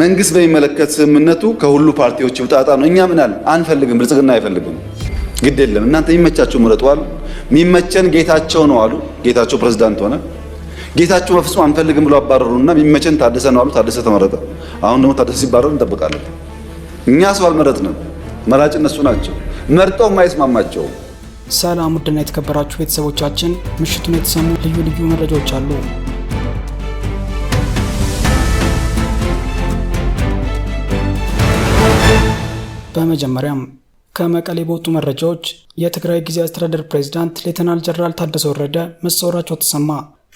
መንግስት በሚመለከት ስምምነቱ ከሁሉ ፓርቲዎች ብጣጣ ነው። እኛ ምናል አንፈልግም፣ ብልጽግና አይፈልግም፣ ግድ የለም እናንተ የሚመቻችሁ ምረጡ አሉ። የሚመቸን ጌታቸው ነው አሉ። ጌታቸው ፕሬዝዳንት ሆነ። ጌታቸው በፍጹም አንፈልግም ብሎ አባረሩና የሚመቸን ታደሰ ነው አሉ። ታደሰ ተመረጠ። አሁን ደግሞ ታደሰ ሲባረር እንጠብቃለን። እኛ ሰው አልመረጥንም፣ መራጭ እነሱ ናቸው። መርጠው የማይስማማቸው ሰላም ውድና የተከበራችሁ ቤተሰቦቻችን ምሽቱን የተሰሙ ልዩ ልዩ መረጃዎች አሉ። በመጀመሪያም ከመቀሌ በወጡ መረጃዎች የትግራይ ጊዜ አስተዳደር ፕሬዚዳንት ሌተናል ጀነራል ታደሰ ወረደ መሰወራቸው ተሰማ።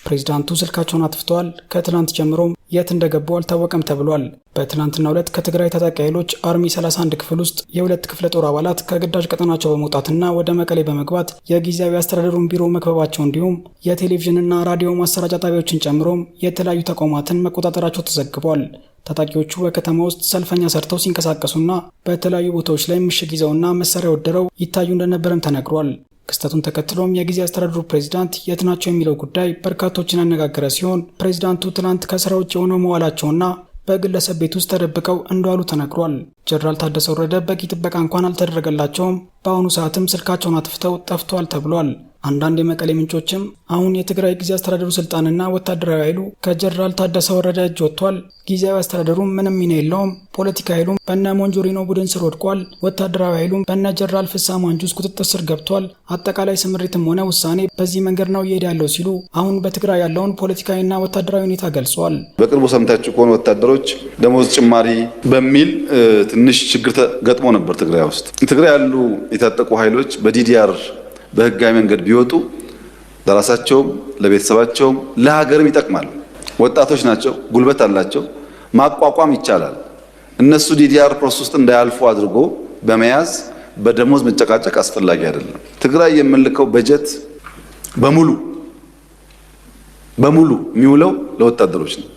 ፕሬዚዳንቱ ስልካቸውን አጥፍተዋል፣ ከትናንት ጀምሮም የት እንደገቡ አልታወቀም ተብሏል። በትናንትናው ዕለት ከትግራይ ታጣቂ ኃይሎች አርሚ 31 ክፍል ውስጥ የሁለት ክፍለ ጦር አባላት ከግዳጅ ቀጠናቸው በመውጣትና ወደ መቀሌ በመግባት የጊዜያዊ አስተዳደሩን ቢሮ መክበባቸው እንዲሁም የቴሌቪዥንና ራዲዮ ማሰራጫ ጣቢያዎችን ጨምሮም የተለያዩ ተቋማትን መቆጣጠራቸው ተዘግቧል። ታጣቂዎቹ በከተማ ውስጥ ሰልፈኛ ሰርተው ሲንቀሳቀሱና በተለያዩ ቦታዎች ላይ ምሽግ ይዘውና መሳሪያ ወደረው ይታዩ እንደነበረም ተነግሯል። ክስተቱን ተከትሎም የጊዜ አስተዳደሩ ፕሬዚዳንት የት ናቸው የሚለው ጉዳይ በርካቶችን ያነጋገረ ሲሆን ፕሬዚዳንቱ ትናንት ከስራ ውጭ የሆነው መዋላቸውና በግለሰብ ቤት ውስጥ ተደብቀው እንደዋሉ ተነግሯል። ጀነራል ታደሰ ወረደ በቂ ጥበቃ እንኳን አልተደረገላቸውም። በአሁኑ ሰዓትም ስልካቸውን አጥፍተው ጠፍቷል ተብሏል። አንዳንድ የመቀሌ ምንጮችም አሁን የትግራይ ጊዜ አስተዳደሩ ስልጣንና ወታደራዊ ኃይሉ ከጀነራል ታደሰ ወረደ እጅ ወጥቷል። ጊዜያዊ አስተዳደሩ ምንም ሚና የለውም። ፖለቲካ ኃይሉም በነ ሞንጆሪኖ ቡድን ስር ወድቋል። ወታደራዊ ኃይሉም በነ ጀነራል ፍስሐ ማንጁስ ቁጥጥር ስር ገብቷል። አጠቃላይ ስምሪትም ሆነ ውሳኔ በዚህ መንገድ ነው እየሄደ ያለው ሲሉ አሁን በትግራይ ያለውን ፖለቲካዊና ወታደራዊ ሁኔታ ገልጿል። በቅርቡ ሰምታችሁ ከሆነ ወታደሮች ደሞዝ ጭማሪ በሚል ትንሽ ችግር ገጥሞ ነበር ትግራይ ውስጥ። ትግራይ ያሉ የታጠቁ ኃይሎች በዲዲአር በህጋዊ መንገድ ቢወጡ ለራሳቸውም ለቤተሰባቸውም ለሀገርም ይጠቅማል። ወጣቶች ናቸው፣ ጉልበት አላቸው፣ ማቋቋም ይቻላል። እነሱ ዲዲአር ፕሮሰስ ውስጥ እንዳያልፉ አድርጎ በመያዝ በደሞዝ መጨቃጨቅ አስፈላጊ አይደለም። ትግራይ የምንልከው በጀት በሙሉ በሙሉ የሚውለው ለወታደሮች ነው።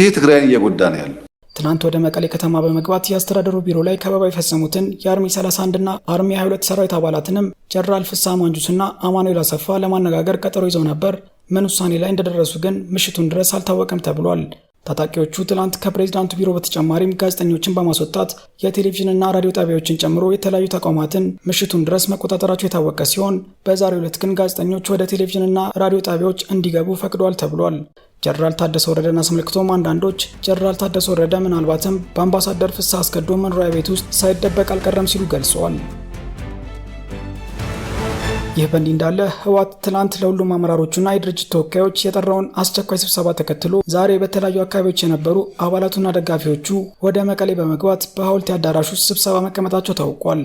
ይሄ ትግራይን እየጎዳ ነው ያለው። ትናንት ወደ መቀሌ ከተማ በመግባት የአስተዳደሩ ቢሮ ላይ ከበባ የፈጸሙትን የአርሚ 31ና አርሚ 22 ሰራዊት አባላትንም ጀነራል ማንጁስ ማንጁስና አማኑኤል አሰፋ ለማነጋገር ቀጠሮ ይዘው ነበር። ምን ውሳኔ ላይ እንደደረሱ ግን ምሽቱን ድረስ አልታወቀም ተብሏል። ታጣቂዎቹ ትላንት ከፕሬዚዳንቱ ቢሮ በተጨማሪም ጋዜጠኞችን በማስወጣት የቴሌቪዥንና ራዲዮ ጣቢያዎችን ጨምሮ የተለያዩ ተቋማትን ምሽቱን ድረስ መቆጣጠራቸው የታወቀ ሲሆን በዛሬው ዕለት ግን ጋዜጠኞች ወደ ቴሌቪዥንና ራዲዮ ጣቢያዎች እንዲገቡ ፈቅዷል ተብሏል። ጀነራል ታደሰ ወረደን አስመልክቶም አንዳንዶች ጀነራል ታደሰ ወረደ ምናልባትም በአምባሳደር ፍስሐ አስገዶ መኖሪያ ቤት ውስጥ ሳይደበቅ አልቀረም ሲሉ ገልጸዋል። ይህ በእንዲህ እንዳለ ህወሓት ትናንት ለሁሉም አመራሮቹና የድርጅት ተወካዮች የጠራውን አስቸኳይ ስብሰባ ተከትሎ ዛሬ በተለያዩ አካባቢዎች የነበሩ አባላቱና ደጋፊዎቹ ወደ መቀሌ በመግባት በሀውልት ያዳራሹ ስብሰባ መቀመጣቸው ታውቋል።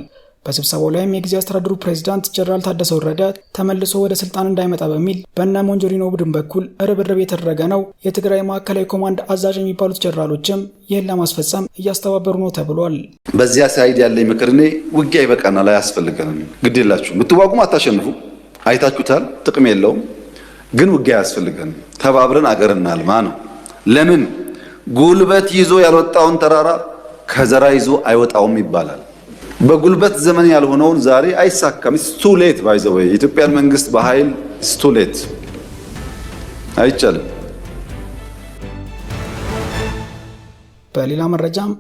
በስብሰባው ላይም የጊዜ አስተዳደሩ ፕሬዚዳንት ጀነራል ታደሰ ወረደ ተመልሶ ወደ ስልጣን እንዳይመጣ በሚል በእነ ሞንጆሪኖ ቡድን በኩል ርብርብ የተደረገ ነው። የትግራይ ማዕከላዊ ኮማንድ አዛዥ የሚባሉት ጀነራሎችም ይህን ለማስፈጸም እያስተባበሩ ነው ተብሏል። በዚያ ሳይድ ያለኝ ምክር እኔ ውጊያ ይበቃናል፣ አያስፈልገንም፣ ግድ የላችሁ ብትዋጉም አታሸንፉ፣ አይታችሁታል፣ ጥቅም የለውም ግን ውጊያ አያስፈልገንም፣ ተባብረን አገር እናልማ ነው። ለምን ጉልበት ይዞ ያልወጣውን ተራራ ከዘራ ይዞ አይወጣውም ይባላል። በጉልበት ዘመን ያልሆነውን ዛሬ አይሳካም። ስቱ ሌት ባይ የኢትዮጵያን መንግስት በኃይል ስቱ ሌት አይቻልም። በሌላ መረጃም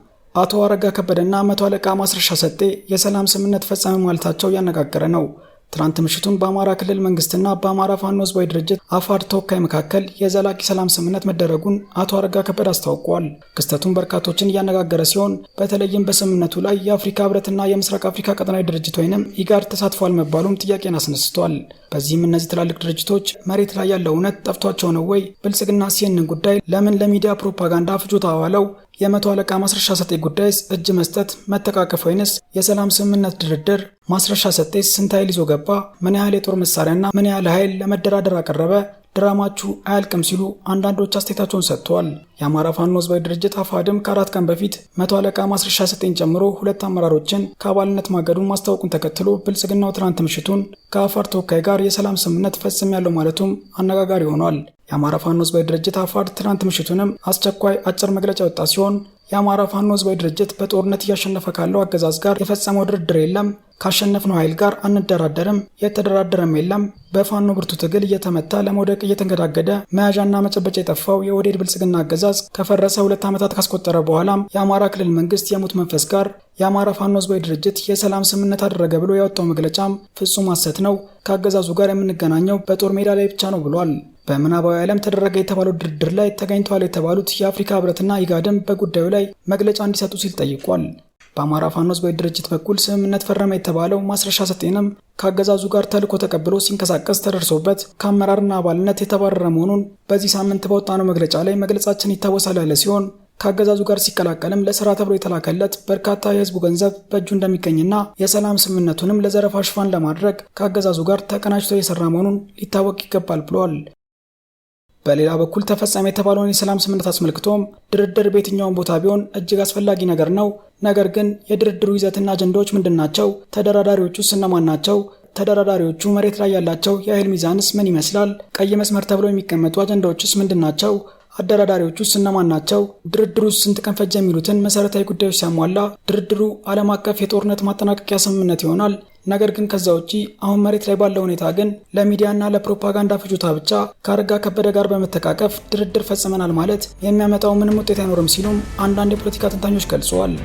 አቶ አረጋ ከበደና መቶ አለቃ ማስረሻ ሰጤ የሰላም ስምምነት ፈጸመ ማለታቸው ያነጋገረ ነው። ትናንት ምሽቱን በአማራ ክልል መንግስትና በአማራ ፋኖ ህዝባዊ ድርጅት አፋድ ተወካይ መካከል የዘላቂ ሰላም ስምምነት መደረጉን አቶ አረጋ ከበድ አስታውቋል። ክስተቱን በርካቶችን እያነጋገረ ሲሆን በተለይም በስምምነቱ ላይ የአፍሪካ ህብረትና የምስራቅ አፍሪካ ቀጠናዊ ድርጅት ወይንም ኢጋድ ተሳትፏል መባሉም ጥያቄን አስነስቷል። በዚህም እነዚህ ትላልቅ ድርጅቶች መሬት ላይ ያለው እውነት ጠፍቷቸው ነው ወይ? ብልጽግና ሲንን ጉዳይ ለምን ለሚዲያ ፕሮፓጋንዳ ፍጆታ ዋለው? የመቶ አለቃ ማስረሻ ሰጤ ጉዳይስ እጅ መስጠት መተቃቀፍ ወይንስ የሰላም ስምምነት ድርድር? ማስረሻ ሰጤስ ስንት ኃይል ይዞ ገባ? ምን ያህል የጦር መሳሪያና ምን ያህል ኃይል ለመደራደር አቀረበ? ድራማችሁ አያልቅም ሲሉ አንዳንዶች አስተያየታቸውን ሰጥተዋል። የአማራ ፋኖ ህዝባዊ ድርጅት አፋድም ከአራት ቀን በፊት መቶ አለቃ ማስረሻ ስጤን ጨምሮ ሁለት አመራሮችን ከአባልነት ማገዱን ማስታወቁን ተከትሎ ብልጽግናው ትናንት ምሽቱን ከአፋር ተወካይ ጋር የሰላም ስምምነት ፈጽም ያለው ማለቱም አነጋጋሪ ሆኗል። የአማራ ፋኖ ህዝባዊ ድርጅት አፋድ ትናንት ምሽቱንም አስቸኳይ አጭር መግለጫ ወጣ ሲሆን የአማራ ፋኖ ህዝባዊ ድርጅት በጦርነት እያሸነፈ ካለው አገዛዝ ጋር የፈጸመው ድርድር የለም። ካሸነፍነው ኃይል ጋር አንደራደርም፣ የተደራደረም የለም። በፋኖ ብርቱ ትግል እየተመታ ለመውደቅ እየተንገዳገደ መያዣና መጨበጫ የጠፋው የወዴድ ብልጽግና አገዛዝ ከፈረሰ ሁለት ዓመታት ካስቆጠረ በኋላም የአማራ ክልል መንግስት የሙት መንፈስ ጋር የአማራ ፋኖ ህዝባዊ ድርጅት የሰላም ስምምነት አደረገ ብሎ ያወጣው መግለጫም ፍጹም ሐሰት ነው፣ ከአገዛዙ ጋር የምንገናኘው በጦር ሜዳ ላይ ብቻ ነው ብሏል። በምናባዊ ዓለም ተደረገ የተባለው ድርድር ላይ ተገኝተዋል የተባሉት የአፍሪካ ህብረትና የጋደም በጉዳዩ ላይ መግለጫ እንዲሰጡ ሲል ጠይቋል። በአማራ ፋኖ ህዝባዊ ድርጅት በኩል ስምምነት ፈረመ የተባለው ማስረሻ ሰጤንም ከአገዛዙ ጋር ተልዕኮ ተቀብሎ ሲንቀሳቀስ ተደርሶበት ከአመራርና አባልነት የተባረረ መሆኑን በዚህ ሳምንት በወጣነው መግለጫ ላይ መግለጻችን ይታወሳል ያለ ሲሆን ከአገዛዙ ጋር ሲቀላቀልም ለስራ ተብሎ የተላከለት በርካታ የህዝቡ ገንዘብ በእጁ እንደሚገኝና የሰላም ስምምነቱንም ለዘረፋ ሽፋን ለማድረግ ከአገዛዙ ጋር ተቀናጅቶ የሰራ መሆኑን ሊታወቅ ይገባል ብለዋል። በሌላ በኩል ተፈጸመ የተባለውን የሰላም ስምምነት አስመልክቶም ድርድር በየትኛውም ቦታ ቢሆን እጅግ አስፈላጊ ነገር ነው። ነገር ግን የድርድሩ ይዘትና አጀንዳዎች ምንድን ናቸው? ተደራዳሪዎቹ እነማን ናቸው? ተደራዳሪዎቹ መሬት ላይ ያላቸው የኃይል ሚዛንስ ምን ይመስላል? ቀይ መስመር ተብለው የሚቀመጡ አጀንዳዎችስ ምንድን ናቸው? አደራዳሪዎቹ እነማን ናቸው? ድርድሩ ስንት ቀን ፈጀ? የሚሉትን መሰረታዊ ጉዳዮች ሲያሟላ ድርድሩ ዓለም አቀፍ የጦርነት ማጠናቀቂያ ስምምነት ይሆናል። ነገር ግን ከዛ ውጪ አሁን መሬት ላይ ባለው ሁኔታ ግን ለሚዲያና ለፕሮፓጋንዳ ፍጆታ ብቻ ከአረጋ ከበደ ጋር በመተቃቀፍ ድርድር ፈጽመናል ማለት የሚያመጣው ምንም ውጤት አይኖርም ሲሉም አንዳንድ የፖለቲካ ተንታኞች ገልጸዋል።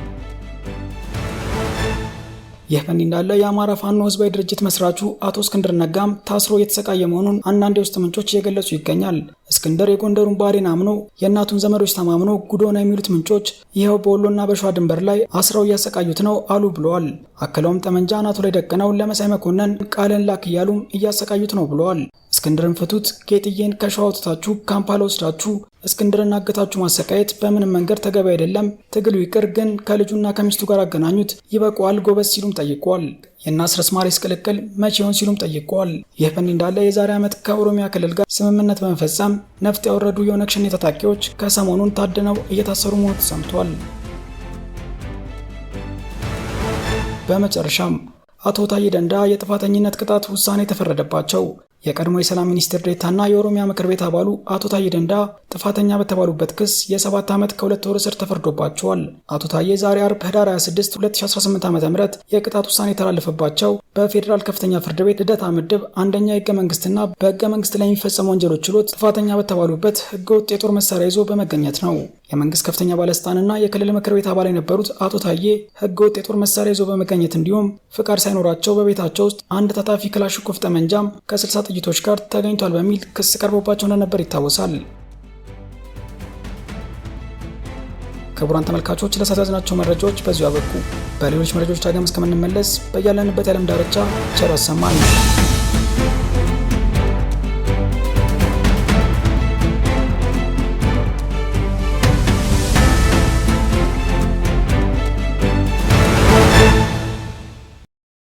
ይህ በእንዲህ እንዳለ የአማራ ፋኖ ህዝባዊ ድርጅት መስራቹ አቶ እስክንድር ነጋም ታስሮ የተሰቃየ መሆኑን አንዳንድ የውስጥ ምንጮች እየገለጹ ይገኛል። እስክንድር የጎንደሩን ባህሪን አምኖ የእናቱን ዘመዶች ተማምኖ ጉዶና የሚሉት ምንጮች ይኸው በወሎና በሸዋ ድንበር ላይ አስረው እያሰቃዩት ነው አሉ ብለዋል። አክለውም ጠመንጃ አናቱ ላይ ደቅነው ለመሳይ መኮንን ቃልን ላክ እያሉም እያሰቃዩት ነው ብለዋል። እስክንድርን ፍቱት፣ ጌጥዬን ከሸዋ ወጥታችሁ ካምፓላ ወስዳችሁ እስክንድርን አገታችሁ ማሰቃየት በምንም መንገድ ተገቢ አይደለም። ትግሉ ይቅር፣ ግን ከልጁና ከሚስቱ ጋር አገናኙት፣ ይበቋል፣ ጎበዝ ሲሉም ጠይቀዋል። የናስረስ ማሬስ ቅልቅል መቼውን ሲሉም ጠይቀዋል። ይህ በእንዲህ እንዳለ የዛሬ ዓመት ከኦሮሚያ ክልል ጋር ስምምነት በመፈጸም ነፍጥ ያወረዱ የኦነግ ሸኔ ታጣቂዎች ከሰሞኑን ታድነው እየታሰሩ መሆኑ ተሰምቷል። በመጨረሻም አቶ ታዬ ደንዳ የጥፋተኝነት ቅጣት ውሳኔ ተፈረደባቸው። የቀድሞ የሰላም ሚኒስትር ዴታና የኦሮሚያ ምክር ቤት አባሉ አቶ ታዬ ደንዳ ጥፋተኛ በተባሉበት ክስ የሰባት ዓመት ከሁለት ወር እስር ተፈርዶባቸዋል። አቶ ታዬ ዛሬ አርብ ህዳር 26 2018 ዓ ም የቅጣት ውሳኔ የተላለፈባቸው በፌዴራል ከፍተኛ ፍርድ ቤት ልደታ ምድብ አንደኛ የህገ መንግስትና በህገ መንግስት ላይ የሚፈጸሙ ወንጀሎች ችሎት ጥፋተኛ በተባሉበት ህገወጥ የጦር መሳሪያ ይዞ በመገኘት ነው። የመንግስት ከፍተኛ ባለስልጣንና የክልል ምክር ቤት አባል የነበሩት አቶ ታዬ ወጥ የጦር መሳሪያ ይዞ በመገኘት እንዲሁም ፍቃድ ሳይኖራቸው በቤታቸው ውስጥ አንድ ታታፊ ክላሽንኮቭ ጠመንጃም ከ60 ጥይቶች ጋር ተገኝቷል በሚል ክስ ቀርቦባቸው እንደነበር ይታወሳል። ክቡራን ተመልካቾች ለሰተዝናቸው መረጃዎች በዚሁ አበቁ። በሌሎች መረጃዎች ዳግም እስከምንመለስ በያለንበት የዓለም ዳርቻ ቸር ያሰማን።